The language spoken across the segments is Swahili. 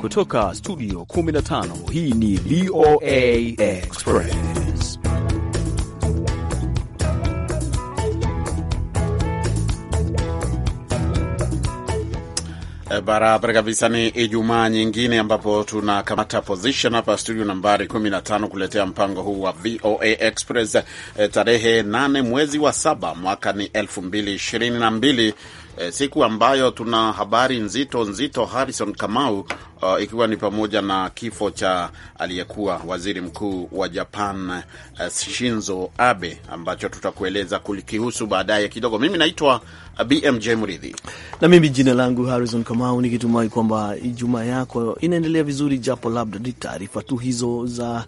Kutoka studio 15 hii ni VOA Express. Barabara eh, kabisa. Ni Ijumaa nyingine ambapo tunakamata position hapa studio nambari 15 kuletea mpango huu wa VOA Express, eh, tarehe 8 mwezi wa saba mwaka ni 2022 e, siku ambayo tuna habari nzito nzito, Harrison Kamau, uh, ikiwa ni pamoja na kifo cha aliyekuwa waziri mkuu wa Japan uh, Shinzo Abe ambacho tutakueleza kulikihusu baadaye kidogo. Mimi naitwa BMJ Mridhi na mimi jina langu Harrison Kamau, nikitumai kwamba Ijumaa yako inaendelea vizuri, japo labda ni taarifa tu hizo za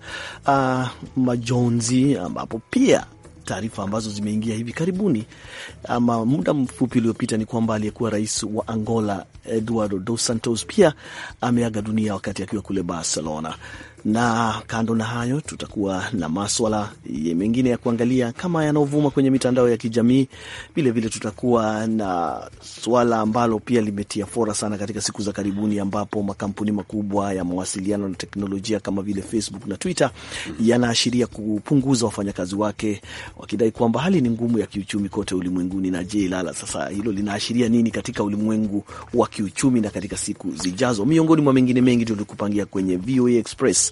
uh, majonzi ambapo pia taarifa ambazo zimeingia hivi karibuni ama muda mfupi uliopita ni kwamba aliyekuwa rais wa Angola Eduardo Dos Santos pia ameaga dunia wakati akiwa kule Barcelona na kando na hayo, tutakuwa na maswala mengine ya kuangalia kama yanaovuma kwenye mitandao ya kijamii. Vilevile tutakuwa na swala ambalo pia limetia fora sana katika siku za karibuni, ambapo makampuni makubwa ya mawasiliano na teknolojia kama vile Facebook na Twitter yanaashiria kupunguza wafanyakazi wake, wakidai kwamba hali ni ngumu ya kiuchumi kote ulimwenguni. Na je, Lala, sasa hilo linaashiria nini katika ulimwengu wa kiuchumi na katika siku zijazo? Miongoni mwa mengine mengi tulikupangia kwenye VOA Express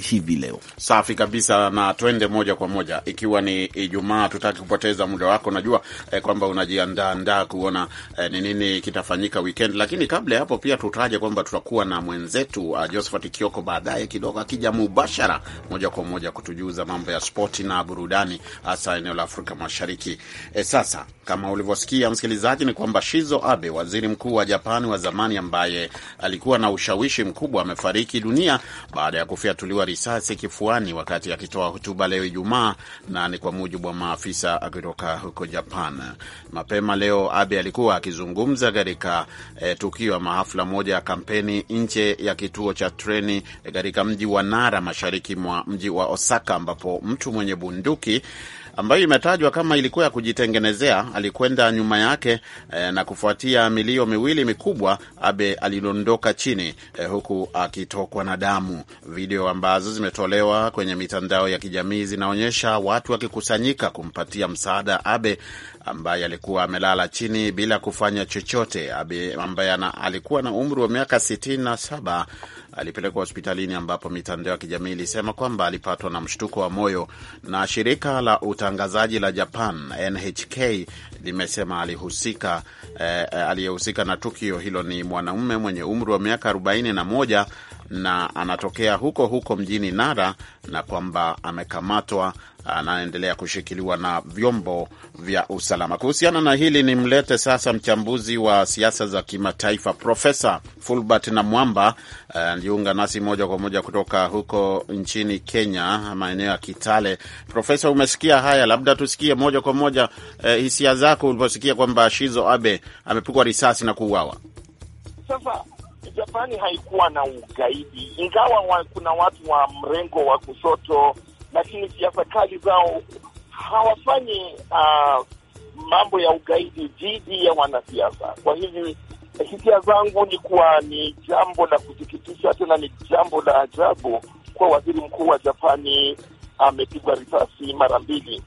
hivi leo. Safi kabisa, na twende moja kwa moja, ikiwa ni Ijumaa, tutaki kupoteza muda wako. Najua eh, kwamba unajiandaandaa kuona eh, ni eh, nini kitafanyika weekend, lakini kabla ya hapo pia tutaje kwamba tutakuwa na mwenzetu uh, Josephat Kioko baadaye kidogo, akija mubashara moja kwa moja kutujuza mambo ya spoti na burudani, hasa eneo la Afrika Mashariki. Eh, sasa kama ulivyosikia msikilizaji, ni kwamba Shizo Abe, waziri mkuu wa Japani wa zamani ambaye alikuwa na ushawishi mkubwa, amefariki dunia baada ya kufia alifyatuliwa risasi kifuani wakati akitoa hotuba leo Ijumaa, na ni kwa mujibu wa maafisa kutoka huko Japan. Mapema leo Abe alikuwa akizungumza katika e, tukio ya mahafla moja ya kampeni nje ya kituo cha treni eh, katika mji wa Nara mashariki mwa mji wa Osaka, ambapo mtu mwenye bunduki ambayo imetajwa kama ilikuwa ya kujitengenezea, alikwenda nyuma yake eh, na kufuatia milio miwili mikubwa, Abe alidondoka chini eh, huku akitokwa na damu. Video ambazo zimetolewa kwenye mitandao ya kijamii zinaonyesha watu wakikusanyika kumpatia msaada Abe ambaye alikuwa amelala chini bila kufanya chochote. Abe ambaye alikuwa na umri wa miaka sitini na saba alipelekwa hospitalini ambapo mitandao ya kijamii ilisema kwamba alipatwa na mshtuko wa moyo, na shirika la utangazaji la Japan NHK limesema alihusika, eh, eh, aliyehusika na tukio hilo ni mwanaume mwenye umri wa miaka 41 na anatokea huko huko mjini Nara na kwamba amekamatwa anaendelea kushikiliwa na vyombo vya usalama. Kuhusiana na hili, nimlete sasa mchambuzi wa siasa za kimataifa Profesa Fulbert na Mwamba aliunga eh, uh, nasi moja kwa moja kutoka huko nchini Kenya, maeneo ya Kitale. Profesa, umesikia haya, labda tusikie moja kwa moja uh, hisia zako uliposikia kwamba Shizo Abe amepigwa risasi na kuuawa. Sasa Japani haikuwa na ugaidi, ingawa wa, kuna watu wa mrengo wa kushoto, lakini siasa kali zao hawafanyi uh, mambo ya ugaidi dhidi ya wanasiasa. Kwa hivi hisia zangu ni kuwa ni jambo la kusikitisha, tena ni jambo la ajabu kuwa waziri mkuu wa Japani amepigwa risasi mara mbili.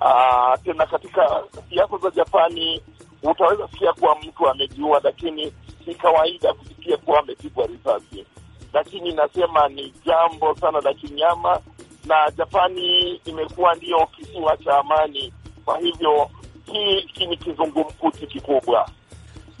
Uh, tena katika siasa za Japani utaweza sikia kuwa mtu amejiua, lakini ni kawaida kusikia kuwa amepigwa risasi, lakini nasema ni jambo sana la kinyama, na Japani imekuwa ndiyo kisiwa cha amani. Kwa hivyo hii ni kizungumkuti kikubwa.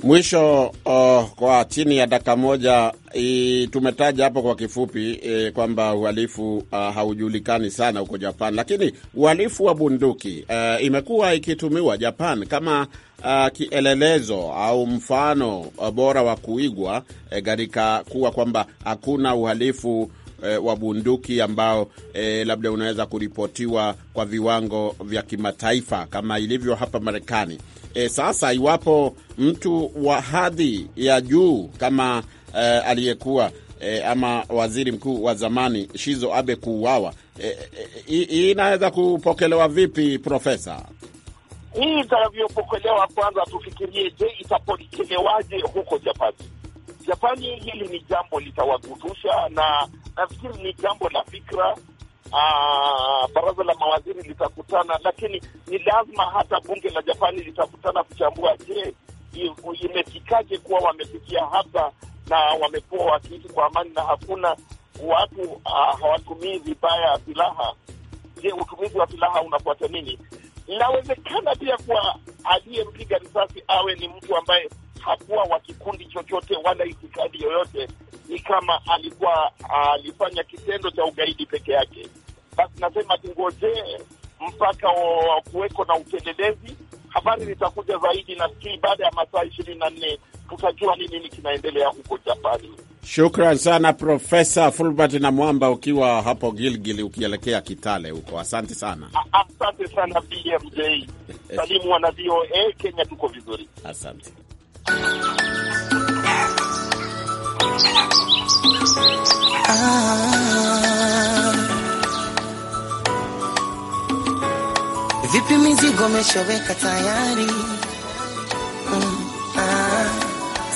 Mwisho oh, kwa chini ya dakika moja i, tumetaja hapo kwa kifupi e, kwamba uhalifu uh, haujulikani sana huko Japan, lakini uhalifu wa bunduki uh, imekuwa ikitumiwa Japan kama uh, kielelezo au mfano ah, bora wa kuigwa e, katika e, kuwa kwamba hakuna uhalifu eh, wa bunduki ambao eh, labda unaweza kuripotiwa kwa viwango vya kimataifa kama ilivyo hapa Marekani. Eh, sasa iwapo mtu wa hadhi ya juu kama eh, aliyekuwa E, ama waziri mkuu wa zamani Shizo Abe kuuawa, hii eh, eh, e, e, inaweza kupokelewa vipi profesa? Hii itavyopokelewa, kwanza tufikirie, je, itapokelewaje huko Japani? Japani, hili ni jambo litawagutusha na nafikiri ni jambo la fikra. Aa, ah, baraza la mawaziri litakutana, lakini ni lazima hata bunge la Japani litakutana kuchambua, je, imefikaje kuwa wamefikia hapa na wamekuwa wakiishi kwa amani na hakuna watu ah, hawatumii vibaya silaha. Je, utumizi wa silaha unafuata nini? Inawezekana pia kuwa aliyempiga risasi awe ni mtu ambaye hakuwa wa kikundi chochote wala itikadi yoyote, ni kama alikuwa ah, alifanya kitendo cha ugaidi peke yake. Basi nasema tungojee mpaka wa kuweko na upelelezi. Habari litakuja zaidi, nafikiri baada ya masaa ishirini na nne tutajua ni nini kinaendelea huko Japani. Shukran sana Profesa Fulbert na Mwamba, ukiwa hapo Gilgili ukielekea Kitale huko. Asante sana, asante sana BMJ. Salimu wana VOA Kenya, tuko vizuri, asante. Ah. Vipi mizigo ameshaweka tayari, mm, ah,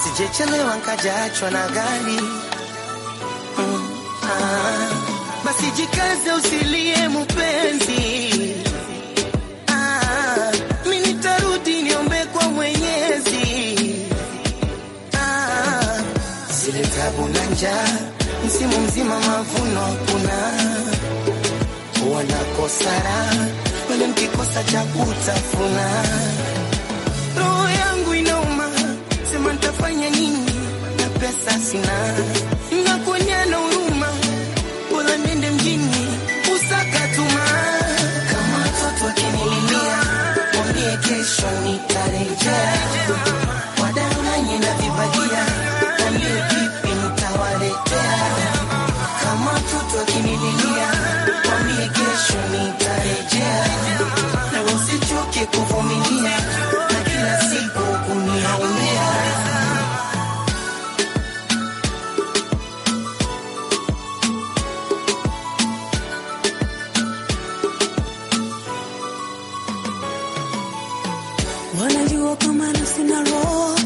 sijechelewa nkajachwa na gari mm, ah, basi jikaze usilie mupenzi zile tabu na njaa, msimu mzima mavuno hakuna, wanakosa raha wale mkikosa cha kutafuna. Roho yangu inauma, sema ntafanya nini na pesa sina, nakuonea na huruma, bora niende mjini nitarejea, na usichoke kuvumilia na kila siku wanajua kama roho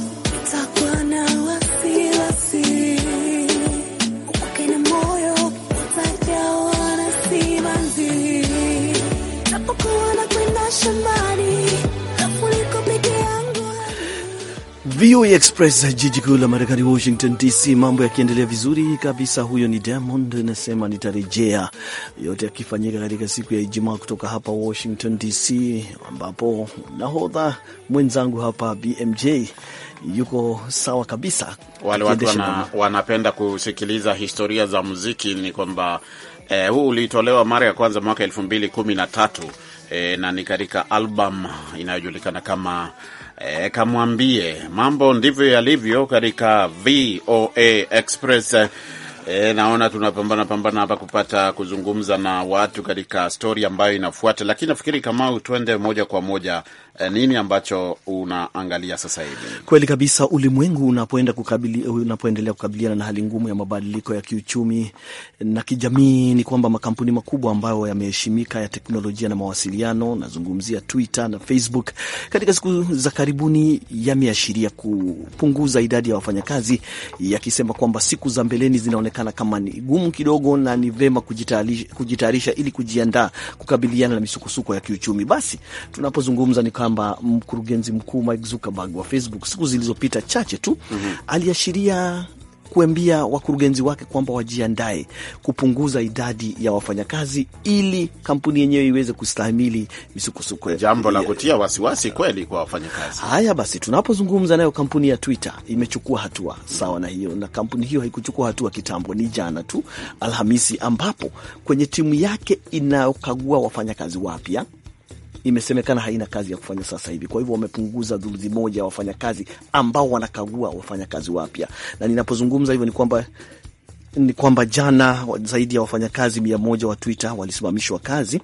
VOA e Express, jiji kuu la Marekani, Washington DC. Mambo yakiendelea vizuri kabisa. Huyo ni Diamond nasema nitarejea, yote yakifanyika katika siku ya Ijumaa kutoka hapa Washington DC, ambapo nahodha mwenzangu hapa BMJ yuko sawa kabisa. Wale watu wana, wanapenda kusikiliza historia za muziki ni kwamba eh, huu ulitolewa mara ya kwanza mwaka elfu mbili kumi na tatu e, na ni katika album inayojulikana kama e, Kamwambie. Mambo ndivyo yalivyo katika VOA Express. E, naona tunapambana pambana hapa kupata kuzungumza na watu katika stori ambayo inafuata, lakini nafikiri kama tuende moja kwa moja e, nini ambacho unaangalia sasa hivi? Kweli kabisa, ulimwengu unapoenda kukabili, unapoendelea kukabiliana na hali ngumu ya mabadiliko ya kiuchumi na kijamii, ni kwamba makampuni makubwa ambayo yameheshimika ya teknolojia na mawasiliano, nazungumzia Twitter na Facebook, katika siku za karibuni yameashiria kupunguza idadi ya wafanyakazi, yakisema kwamba siku za mbeleni zinaonekana inaonekana kama ni gumu kidogo, na ni vema kujitayarisha ili kujiandaa kukabiliana na misukosuko ya kiuchumi. Basi tunapozungumza ni kwamba mkurugenzi mkuu Mike Zuckerberg wa Facebook siku zilizopita chache tu mm -hmm. aliashiria kuambia wakurugenzi wake kwamba wajiandae kupunguza idadi ya wafanyakazi ili kampuni yenyewe iweze kustahimili misukosuko. Jambo la kutia wasiwasi kweli kwa wafanyakazi. Haya basi, tunapozungumza nayo, kampuni ya Twitter imechukua hatua sawa na hiyo, na kampuni hiyo haikuchukua hatua kitambo, ni jana tu Alhamisi, ambapo kwenye timu yake inayokagua wafanyakazi wapya imesemekana haina kazi ya kufanya sasa hivi. Kwa hivyo wamepunguza dhuluthi moja ya wafanyakazi ambao wanakagua wafanyakazi wapya, na ninapozungumza hivyo ni kwamba ni kwamba jana zaidi ya wafanyakazi mia moja wa Twitter walisimamishwa kazi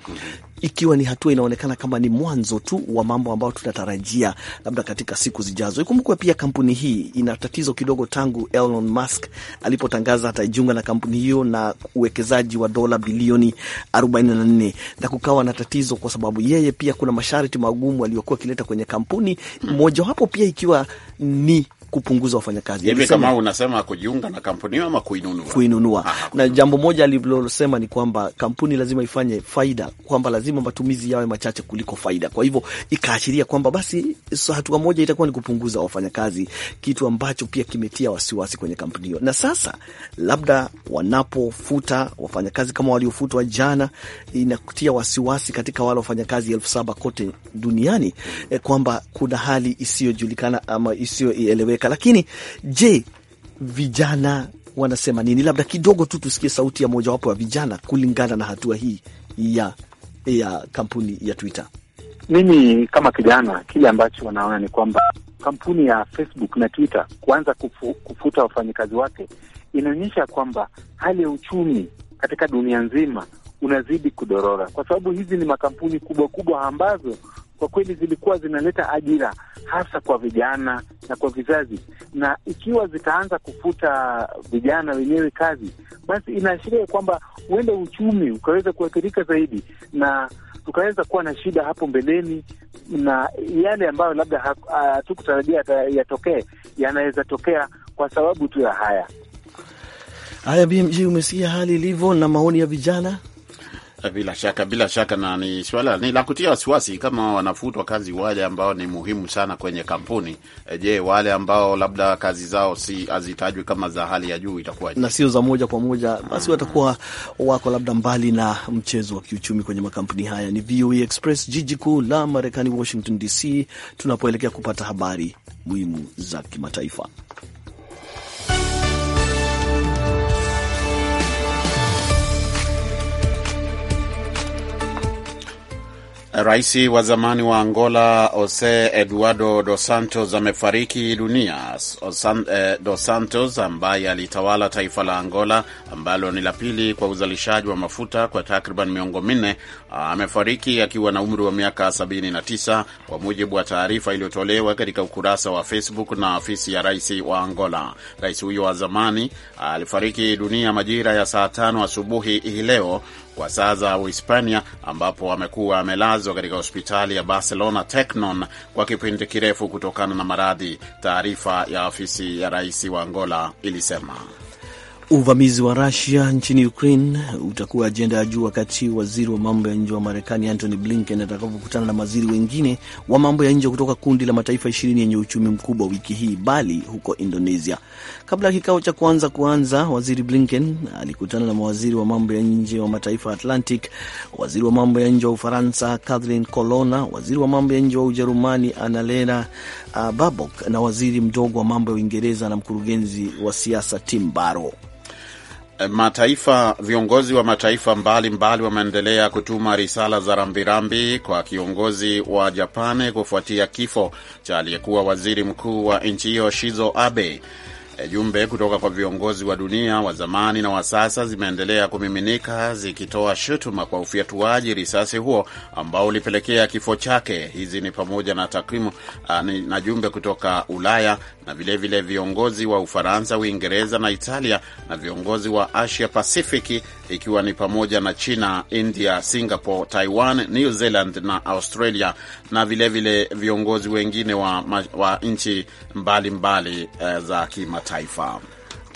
ikiwa ni hatua inaonekana kama ni mwanzo tu wa mambo ambayo tunatarajia labda katika siku zijazo. Ikumbukwe pia kampuni hii ina tatizo kidogo tangu Elon Musk alipotangaza atajiunga na kampuni hiyo na uwekezaji wa dola bilioni 44, na kukawa na tatizo kwa sababu yeye pia kuna masharti magumu aliyokuwa akileta kwenye kampuni, mojawapo pia ikiwa ni kupunguza wafanyakazi. Hivi kama unasema kujiunga na kampuni ama kuinunua? Kuinunua. Aha, na jambo moja alilosema ni kwamba kampuni lazima ifanye faida, kwamba lazima matumizi yawe machache kuliko faida. Kwa hivyo ikaashiria kwamba basi hatua moja itakuwa ni kupunguza wafanyakazi, kitu ambacho pia kimetia wasiwasi kwenye kampuni hiyo. Na sasa labda wanapofuta wafanyakazi kama waliofutwa jana, inakutia wasiwasi katika wale wafanyakazi elfu saba kote duniani eh, kwamba kuna hali isiyojulikana ama isiyoeleweka Afrika. Lakini je, vijana wanasema nini? Labda kidogo tu tusikie sauti ya mojawapo ya vijana kulingana na hatua hii ya ya kampuni ya Twitter. Mimi kama kijana, kile ambacho wanaona ni kwamba kampuni ya Facebook na Twitter kuanza kufu, kufuta wafanyakazi wake inaonyesha kwamba hali ya uchumi katika dunia nzima unazidi kudorora, kwa sababu hizi ni makampuni kubwa kubwa ambazo kwa kweli zilikuwa zinaleta ajira hasa kwa vijana na kwa vizazi, na ikiwa zitaanza kufuta vijana wenyewe kazi, basi inaashiria kwamba huenda uchumi ukaweza kuathirika zaidi na tukaweza kuwa na shida hapo mbeleni, na yale ambayo labda hatukutarajia yatokee yanaweza tokea kwa sababu tu ya haya haya. BMG, umesikia hali ilivyo na maoni ya vijana Eh, bila shaka, bila shaka, na ni swala ni la kutia wasiwasi kama wanafutwa kazi wale ambao ni muhimu sana kwenye kampuni. Eh, je, wale ambao labda kazi zao si hazitajwi kama za hali ya juu itakuwa Na sio za moja kwa moja, basi watakuwa wako labda mbali na mchezo wa kiuchumi kwenye makampuni haya. Ni VOA e Express, jiji kuu la Marekani, Washington DC, tunapoelekea kupata habari muhimu za kimataifa. Rais wa zamani wa Angola Jose Eduardo Dos Santos amefariki dunia. Osan, eh, Dos Santos ambaye alitawala taifa la Angola ambalo ni la pili kwa uzalishaji wa mafuta kwa takriban miongo minne amefariki akiwa na umri wa miaka 79 kwa mujibu wa taarifa iliyotolewa katika ukurasa wa Facebook na afisi ya rais wa Angola. Rais huyo wa zamani alifariki dunia majira ya saa tano asubuhi hii leo kwa saa za Uhispania, ambapo amekuwa amelazwa katika hospitali ya Barcelona tecnon kwa kipindi kirefu kutokana na maradhi, taarifa ya afisi ya rais wa Angola ilisema. Uvamizi wa Rusia nchini Ukraine utakuwa ajenda ya juu wakati waziri wa mambo ya nje wa Marekani Antony Blinken atakapokutana na waziri wengine wa mambo ya nje kutoka kundi la mataifa ishirini yenye uchumi mkubwa wiki hii Bali huko Indonesia. Kabla ya kikao cha kuanza kuanza, waziri Blinken alikutana na mawaziri wa mambo ya nje wa mataifa Atlantic, waziri wa mambo ya nje wa Ufaransa Catherine Colonna, waziri wa mambo ya nje wa Ujerumani Annalena uh, Baerbock na waziri mdogo wa mambo ya Uingereza na mkurugenzi wa siasa Tim Barrow. Eh, mataifa viongozi wa mataifa mbalimbali wameendelea kutuma risala za rambirambi kwa kiongozi wa Japani kufuatia kifo cha aliyekuwa waziri mkuu wa nchi hiyo Shizo Abe. Eh, jumbe kutoka kwa viongozi wa dunia wa zamani na wa sasa zimeendelea kumiminika zikitoa shutuma kwa ufyatuaji risasi huo ambao ulipelekea kifo chake. Hizi ni pamoja na takwimu ah, na jumbe kutoka Ulaya na vilevile vile viongozi wa Ufaransa, Uingereza na Italia na viongozi wa Asia Pasifiki ikiwa ni pamoja na China, India, Singapore, Taiwan, New Zealand na Australia na vilevile vile viongozi wengine wa, wa nchi mbalimbali eh, za kima Taifa.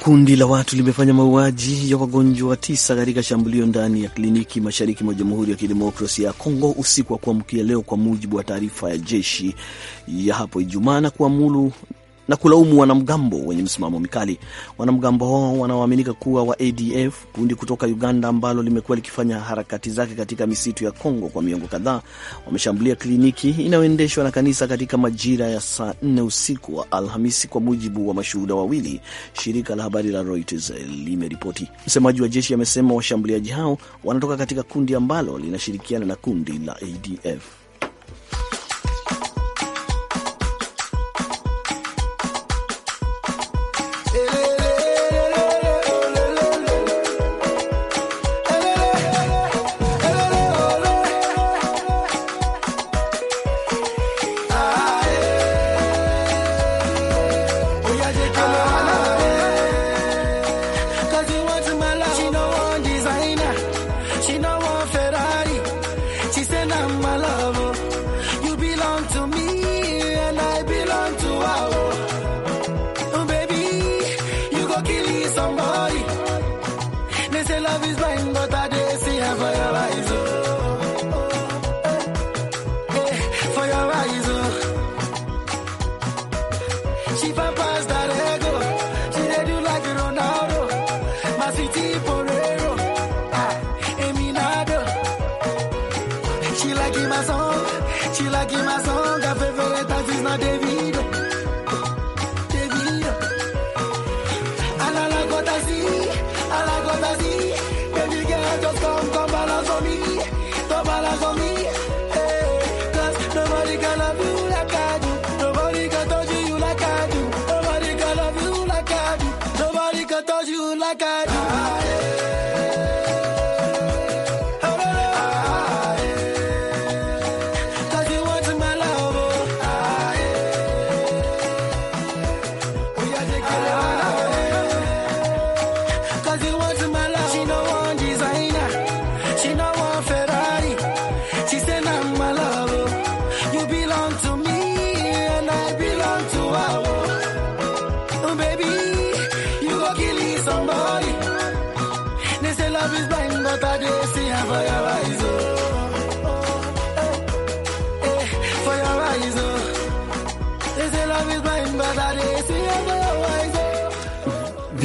Kundi la watu limefanya mauaji ya wagonjwa tisa katika shambulio ndani ya kliniki mashariki mwa Jamhuri ya Kidemokrasia ya Kongo usiku wa kuamkia leo, kwa mujibu wa taarifa ya jeshi ya hapo Ijumaa na kuamuru na kulaumu wanamgambo wenye msimamo mikali. Wanamgambo hao wanaoaminika kuwa wa ADF, kundi kutoka Uganda ambalo limekuwa likifanya harakati zake katika misitu ya Kongo kwa miongo kadhaa, wameshambulia kliniki inayoendeshwa na kanisa katika majira ya saa nne usiku wa Alhamisi, kwa mujibu wa mashuhuda wawili, shirika la habari la Reuters limeripoti. Msemaji wa jeshi amesema washambuliaji hao wanatoka katika kundi ambalo linashirikiana na kundi la ADF.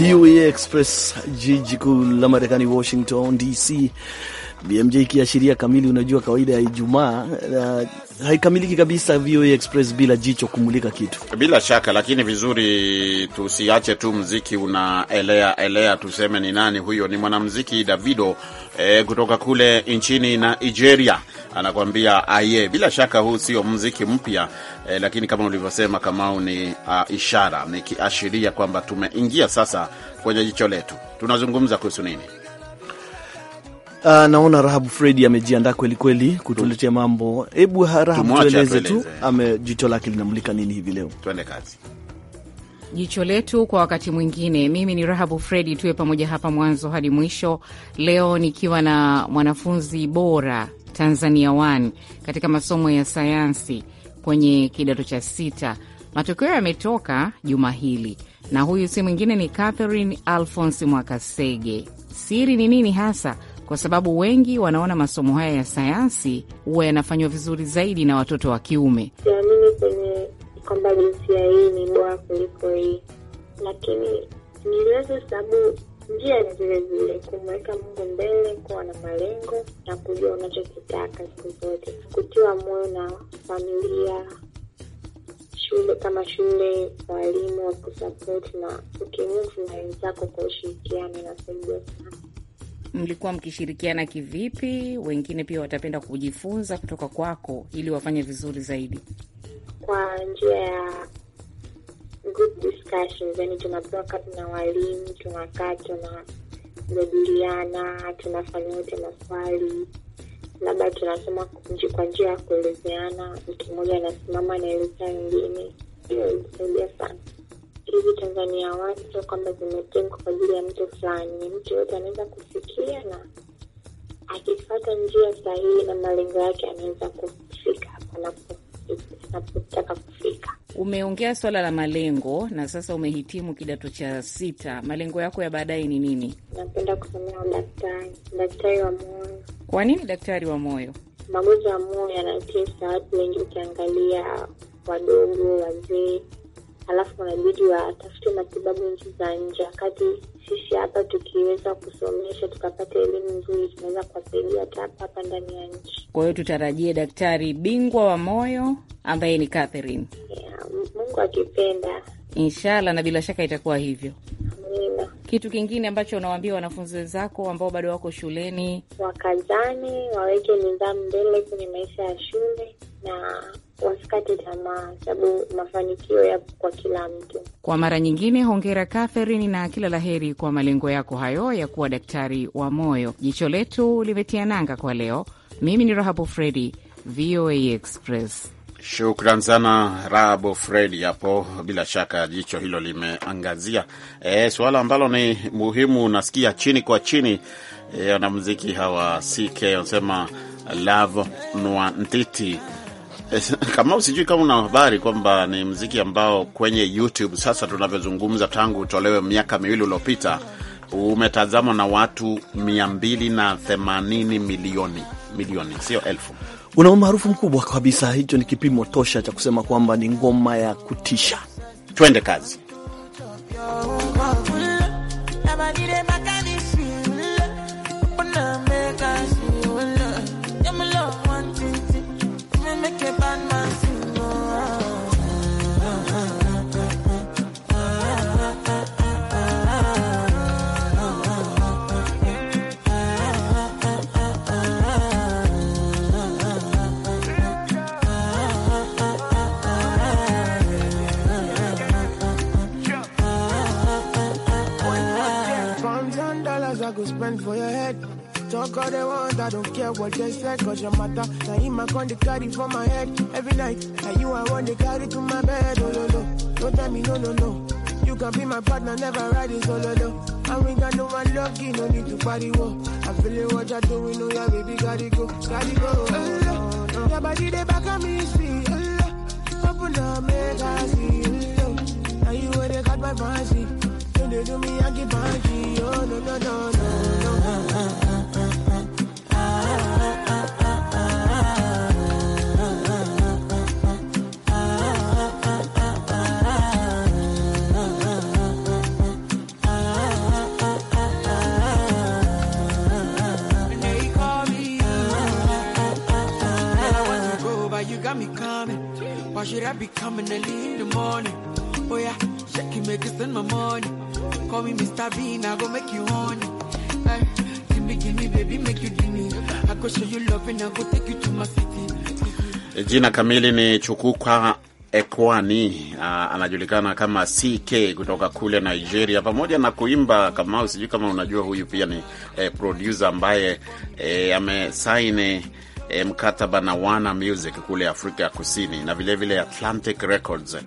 VOA Express, jiji kuu la Marekani, Washington DC. BMJ ikiashiria kamili. Unajua, kawaida ya Ijumaa uh, haikamiliki kabisa VOA Express bila jicho kumulika kitu, bila shaka. Lakini vizuri, tusiache tu mziki unaelea elea, tuseme ni nani huyo? Ni mwanamziki Davido eh, kutoka kule nchini na Nigeria anakuambia aye. Bila shaka huu sio mziki mpya eh, lakini kama ulivyosema Kamau ni uh, ishara nikiashiria kwamba tumeingia sasa kwenye jicho letu. Tunazungumza kuhusu nini? Uh, naona Rahabu Fredi amejiandaa kweli kweli kutuletea mambo. Hebu Rahabu tueleze tu, ame jicho lake linamulika nini hivi leo. Twende kazi. Jicho letu kwa wakati mwingine. Mimi ni Rahabu Fredi, tuwe pamoja hapa mwanzo hadi mwisho. Leo nikiwa na mwanafunzi bora Tanzania 1 katika masomo ya sayansi kwenye kidato cha sita. Matokeo yametoka juma hili, na huyu si mwingine ni Catherine Alphonse Mwakasege. Siri ni nini hasa? Kwa sababu wengi wanaona masomo haya ya sayansi huwa yanafanywa vizuri zaidi na watoto wa kiume. Siamini kwenye kwamba jinsia hii ni bora kuliko hii, lakini niliweza sababu njia ni zile zile, kumweka Mungu mbele, kuwa na malengo na kujua unachokitaka siku zote, kutiwa moyo na familia, shule kama shule, walimu wa kusapoti na ukimuvu na wenzako kwa ushirikiano, inasaidia sana. Mlikuwa mkishirikiana kivipi? Wengine pia watapenda kujifunza kutoka kwako ili wafanye vizuri zaidi kwa njia ya good discussions, yani tuna na walimu, tunakaa tunajadiliana, tunafanya wote maswali labda tunasoma kwa njia ya kuelezeana, mtu mmoja anasimama anaelezea wengine. Hiyo ilisaidia sana. Hivi Tanzania watu sio kwamba zimetengwa kwa ajili ya mtu fulani, ni mtu yote anaweza kufikia, na akifata njia sahihi na malengo yake anaweza kufika na napo tunachotaka kufika. Umeongea swala la malengo na sasa umehitimu kidato cha sita. Malengo yako ya baadaye ni nini? Napenda kusomea udaktari, daktari wa moyo. Kwa nini daktari wa moyo? Magonjwa ya moyo yanatesa watu wengi, ukiangalia wadogo, wazee alafu inabidi watafute matibabu nchi za nje, wakati sisi hapa tukiweza kusomesha tukapata elimu nzuri tunaweza kuwasaidia hata hapa hapa ndani ya nchi. Kwa hiyo tutarajie daktari bingwa wa moyo ambaye ni Catherine. Yeah, Mungu akipenda inshallah, na bila shaka itakuwa hivyo. Kitu kingine ambacho unawaambia wanafunzi wenzako ambao bado wako shuleni, wakazani waweke nidhamu mbele kwenye maisha ya shule na wasikate tamaa, sababu mafanikio yapo kwa kila mtu. Kwa mara nyingine, hongera Catherine na kila laheri kwa malengo yako hayo ya kuwa daktari wa moyo. Jicho letu limetia nanga kwa leo. Mimi ni Rahabu Fredi, VOA Express. Shukran sana Rabo Fredi hapo. Bila shaka jicho hilo limeangazia e, suala ambalo ni muhimu. Nasikia chini kwa chini e, wanamuziki e, hawa CK wanasema love nwa ntiti kama sijui kama una habari kwamba ni mziki ambao kwenye YouTube sasa tunavyozungumza, tangu utolewe miaka miwili uliopita umetazamwa na watu 280 milioni milioni, sio elfu. Una umaarufu mkubwa kabisa. Hicho ni kipimo tosha cha kusema kwamba ni ngoma ya kutisha. Twende kazi. open for your head. Talk all they want, I don't care what they say, cause your matter. Now in my con, they carry for my head every night. Now you I want to carry to my bed, oh no, no. Don't tell me no, no, no. You can be my partner, never ride it solo, oh, no. And we got no one lucky, no need to party, whoa. I feel it, what you're doing, oh yeah, baby, gotta go, gotta go. Oh, no, no. Your body, they back at me, see, oh, no. Open up, make I see, oh, no. Now you where they got my fancy they do me, I give her Oh, no, no, no, no, no. Why should I be coming early in the morning? Oh yeah, shaking make it in my morning. Call me Mr. V, now go make you honey. Hey, eh, give me, give me, baby, make you I go show you love and I go take you to my city. Eh, jina kamili ni chukuka Ekwani ah, anajulikana kama CK kutoka kule Nigeria. Pamoja na kuimba kama, sijui kama unajua, huyu pia ni eh, producer ambaye eh, amesaini eh, mkataba na Wana Music kule Afrika ya Kusini na vilevile vile Atlantic Records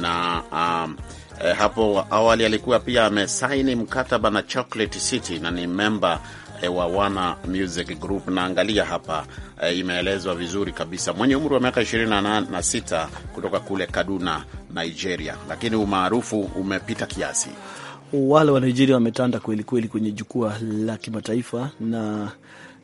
na um, E, hapo awali alikuwa pia amesaini mkataba na Chocolate City na ni memba e, eh, wa Wana Music Group. Naangalia hapa e, imeelezwa vizuri kabisa, mwenye umri wa miaka 26 kutoka kule Kaduna, Nigeria, lakini umaarufu umepita kiasi. Wale wa Nigeria wametanda kwelikweli kwenye jukwaa la kimataifa na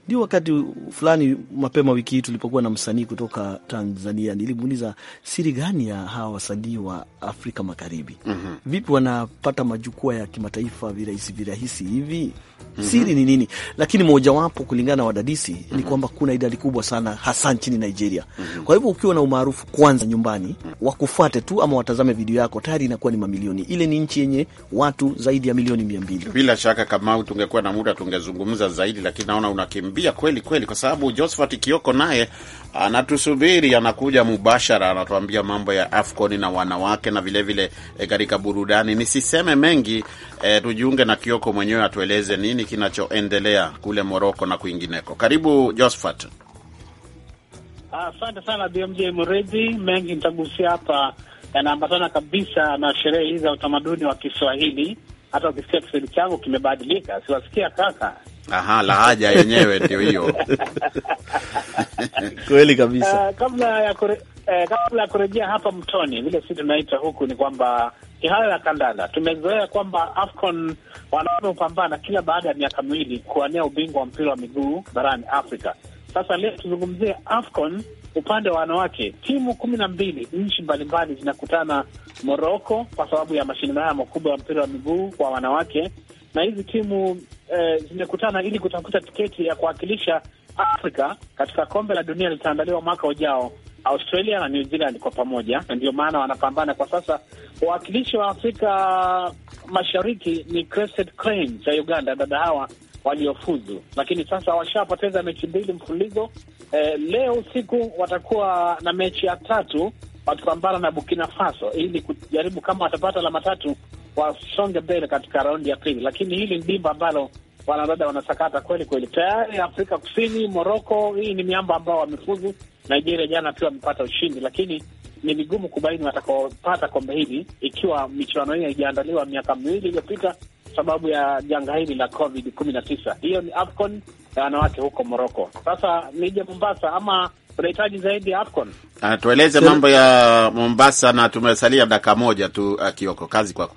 ndio wakati fulani mapema wiki hii tulipokuwa na msanii kutoka Tanzania, nilimuuliza siri gani ya hawa wasanii wa Afrika Magharibi, mm -hmm. vipi wanapata majukwaa ya kimataifa virahisi virahisi hivi? mm -hmm. Siri ni nini? Lakini mojawapo kulingana na wadadisi mm -hmm. ni mhm. kwamba kuna idadi kubwa sana hasa nchini Nigeria. mm -hmm. Kwa hivyo ukiwa na umaarufu kwanza nyumbani, mhm. wakufuate tu ama watazame video yako, tayari inakuwa ni mamilioni. Ile ni nchi yenye watu zaidi ya milioni mia mbili. Bila shaka, kama tungekuwa na muda tungezungumza zaidi, lakini naona unakimbia anakimbia kweli kweli, kwa sababu Josephat Kioko naye anatusubiri, anakuja mubashara, anatuambia mambo ya AFCON na wanawake na vilevile eh, katika burudani. Nisiseme mengi e, tujiunge na Kioko mwenyewe atueleze nini kinachoendelea kule Moroko na kwingineko. Karibu Josephat. Asante uh, sana BMJ Mredhi. Mengi nitagusia hapa yanaambatana kabisa na sherehe hizi za utamaduni wa Kiswahili. Hata ukisikia Kiswahili changu kimebadilika, siwasikia kaka Aha, lahaja yenyewe ndio hiyo kweli kabisa. Uh, kabla ya kure, eh, kabla ya kurejea hapa mtoni, vile si tunaita huku, ni kwamba ni hayo ya kandanda. Tumezoea kwamba AFCON wanaume hupambana kila baada ya miaka miwili kuwania ubingwa wa mpira wa miguu barani Afrika. Sasa leo tuzungumzie AFCON upande wa wanawake. Timu kumi na mbili nchi mbalimbali zinakutana Moroko kwa sababu ya mashindano haya makubwa ya mpira wa miguu kwa wanawake na hizi timu Eh, zimekutana ili kutafuta tiketi ya kuwakilisha Afrika katika kombe la dunia litaandaliwa mwaka ujao Australia na New Zealand kwa pamoja, na ndio maana wanapambana kwa sasa. Wawakilishi wa Afrika Mashariki ni Crested Cranes za Uganda, dada hawa waliofuzu, lakini sasa washapoteza mechi mbili mfululizo. Eh, leo usiku watakuwa na mechi ya tatu wakipambana na Burkina Faso ili kujaribu kama watapata alama tatu wasonge mbele katika raundi ya pili, lakini hili ni dimba ambalo wanadada wanasakata kweli kweli. Tayari Afrika Kusini, Moroko, hii ni miamba ambao wamefuzu. Nigeria jana pia wamepata ushindi, lakini ni vigumu kubaini watakaopata kombe hili ikiwa michuano hii haijaandaliwa miaka miwili iliyopita sababu ya janga hili la Covid kumi na tisa. Hiyo ni AFCON ya wanawake huko Moroko. Sasa nije Mombasa, ama unahitaji zaidi ya AFCON? Uh, Tueleze mambo ya Mombasa na tumesalia dakika moja tu. Kioko, kazi kwako.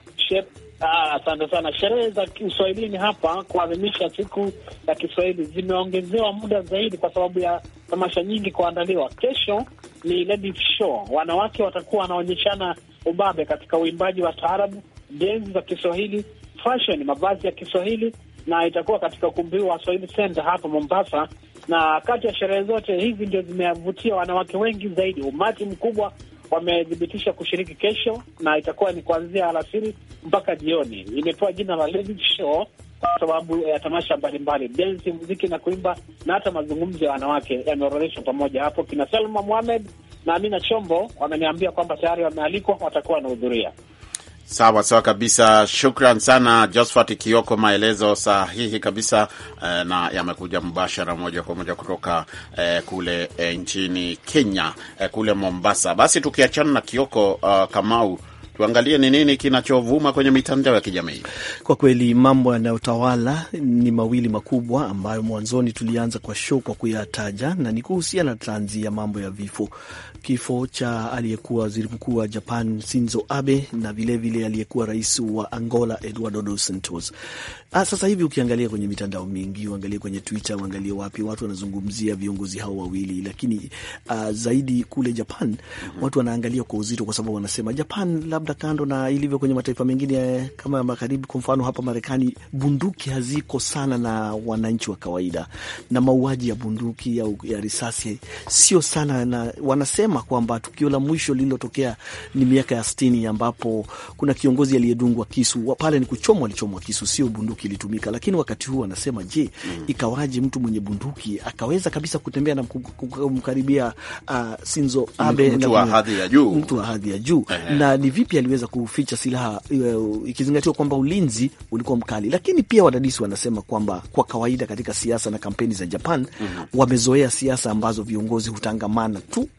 Ah, asante ah, sana. Sherehe za Kiswahilini hapa kuadhimisha siku ya Kiswahili zimeongezewa muda zaidi kwa sababu ya tamasha nyingi kuandaliwa. Kesho ni Ladies Show, wanawake watakuwa wanaonyeshana ubabe katika uimbaji wa taarabu, densi za Kiswahili, fashion, mavazi ya Kiswahili, na itakuwa katika ukumbi wa Swahili Center hapa Mombasa. Na kati ya sherehe zote hizi ndio zimevutia wanawake wengi zaidi, umati mkubwa wamethibitisha kushiriki kesho, na itakuwa ni kuanzia alasiri mpaka jioni. Imepewa jina la Ladies Show kwa sababu ya tamasha mbalimbali, densi, muziki na kuimba, na hata mazungumzo ya wanawake yameorodheshwa pamoja hapo. Kina Salma muhamed na Amina Chombo wameniambia kwamba tayari wamealikwa, watakuwa wanahudhuria. Sawa sawa kabisa, shukran sana Josphat Kioko, maelezo sahihi kabisa eh, na yamekuja mubashara moja kwa moja kutoka eh, kule eh, nchini Kenya eh, kule Mombasa. Basi tukiachana na Kioko uh, Kamau, tuangalie ni nini kinachovuma kwenye mitandao ya kijamii. Kwa kweli mambo yanayotawala ni mawili makubwa ambayo mwanzoni tulianza kwa show kwa kuyataja, na ni kuhusiana, ya mambo ya vifo kifo cha aliyekuwa waziri mkuu wa Japan Shinzo Abe na vilevile aliyekuwa rais wa Angola Eduardo Dos Santos. Ah, sasa hivi ukiangalia kwenye mitandao mingi, uangalie kwenye Twitter, uangalie wapi, watu wanazungumzia viongozi hao wawili, lakini uh, zaidi kule Japan mm -hmm. watu wanaangalia kwa uzito, kwa sababu wanasema Japan, labda kando na ilivyo kwenye mataifa mengine eh, kama magharibi, kwa mfano hapa Marekani, bunduki haziko sana na wananchi wa kawaida, na mauaji ya bunduki au ya, ya risasi sio sana, na wanasema amesema kwamba tukio la mwisho lililotokea ni miaka ya sitini ambapo kuna kiongozi aliyedungwa kisu pale, ni kuchomwa, alichomwa kisu, sio bunduki ilitumika. Lakini wakati huu anasema je, mm. ikawaje mtu mwenye bunduki akaweza kabisa kutembea na kumkaribia uh, Sinzo Abe, mtu wa hadhi ya juu, mtu wa hadhi ya juu na ni vipi aliweza kuficha silaha uh, ikizingatiwa kwamba ulinzi ulikuwa mkali. Lakini pia wadadisi wanasema kwamba kwa kawaida katika siasa na kampeni za Japan mm -hmm. wamezoea siasa ambazo viongozi hutangamana tu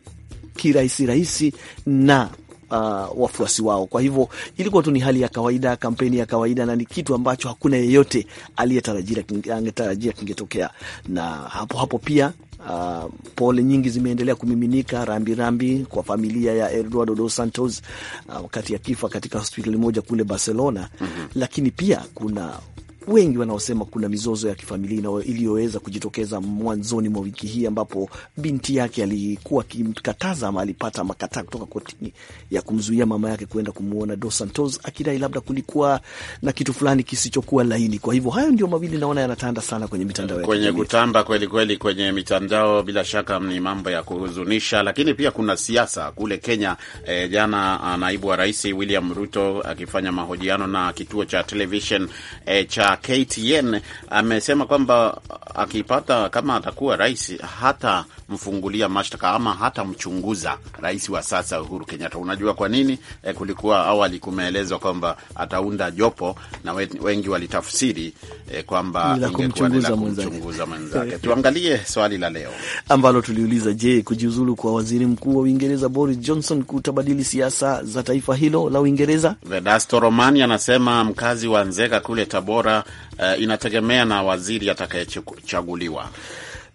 kirahisi rahisi na Uh, wafuasi wao. Kwa hivyo ilikuwa tu ni hali ya kawaida, kampeni ya kawaida, na ni kitu ambacho hakuna yeyote aliyetarajia angetarajia kingetokea. Na hapo hapo pia uh, pole nyingi zimeendelea kumiminika rambirambi rambi kwa familia ya Eduardo dos Santos uh, wakati ya kifa katika hospitali moja kule Barcelona. mm -hmm. Lakini pia kuna wengi wanaosema kuna mizozo ya kifamilia iliyoweza kujitokeza mwanzoni mwa wiki hii, ambapo binti yake alikuwa akimkataza ama alipata makataa kutoka kotini ya kumzuia mama yake kuenda kumwona Dos Santos, akidai labda kulikuwa na kitu fulani kisichokuwa laini. Kwa hivyo hayo ndio mawili naona yanatanda sana kwenye mitandao kwenye kutamba kweli kweli kwenye mitandao. Bila shaka ni mambo ya kuhuzunisha, lakini pia kuna siasa kule Kenya. Eh, jana naibu wa rais William Ruto akifanya mahojiano na kituo cha televishen eh, cha KTN amesema kwamba akipata kama atakuwa rais hata kumfungulia mashtaka ama hata mchunguza rais wa sasa Uhuru Kenyatta. Unajua kwa nini? E, kulikuwa awali kumeelezwa kwamba ataunda jopo na wengi walitafsiri e, kwamba ingekuwa ni kumchunguza mwenzake. Eh, Tuangalie swali la leo ambalo tuliuliza, je, kujiuzulu kwa waziri mkuu wa Uingereza Boris Johnson kutabadili siasa za taifa hilo la Uingereza? Vedasto Romani anasema mkazi wa Nzega kule Tabora, uh, inategemea na waziri atakayechaguliwa.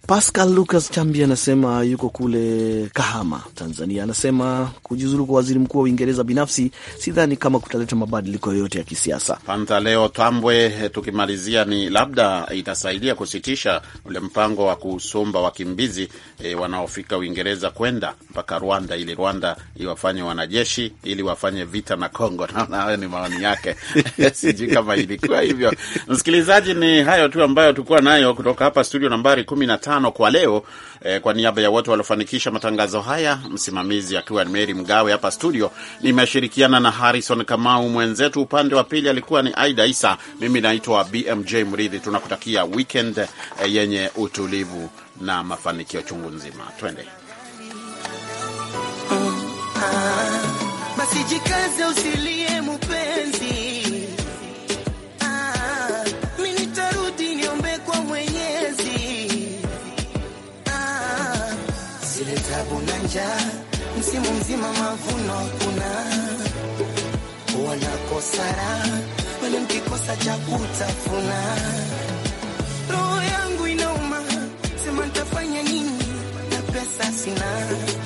Pascal Lucas Chambi anasema yuko kule Kahama, Tanzania. Anasema kujiuzulu kwa waziri mkuu wa Uingereza binafsi sidhani kama kutaleta mabadiliko yoyote ya kisiasa. leo Tambwe, eh, tukimalizia ni labda itasaidia kusitisha ule mpango wa kusomba wakimbizi e, wanaofika Uingereza kwenda mpaka Rwanda ili Rwanda iwafanye wanajeshi ili wafanye vita na congo Naona hayo ni maoni yake sijui kama ilikuwa hivyo. Msikilizaji, ni hayo tu ambayo tukuwa nayo kutoka hapa studio nambari kumi na tano tano kwa leo. Eh, kwa niaba ya wote waliofanikisha matangazo haya, msimamizi akiwa Meri Mgawe hapa studio, nimeshirikiana na Harrison Kamau mwenzetu, upande wa pili alikuwa ni Aida Isa, mimi naitwa BMJ Mridhi. Tunakutakia weekend eh, yenye utulivu na mafanikio chungu nzima. Twende mm, ah, basi, jikaze usilie. kupima mavuno hakuna, wanakosara wale mkikosa cha kutafuna. Roho yangu inauma, sema ntafanya nini na pesa sina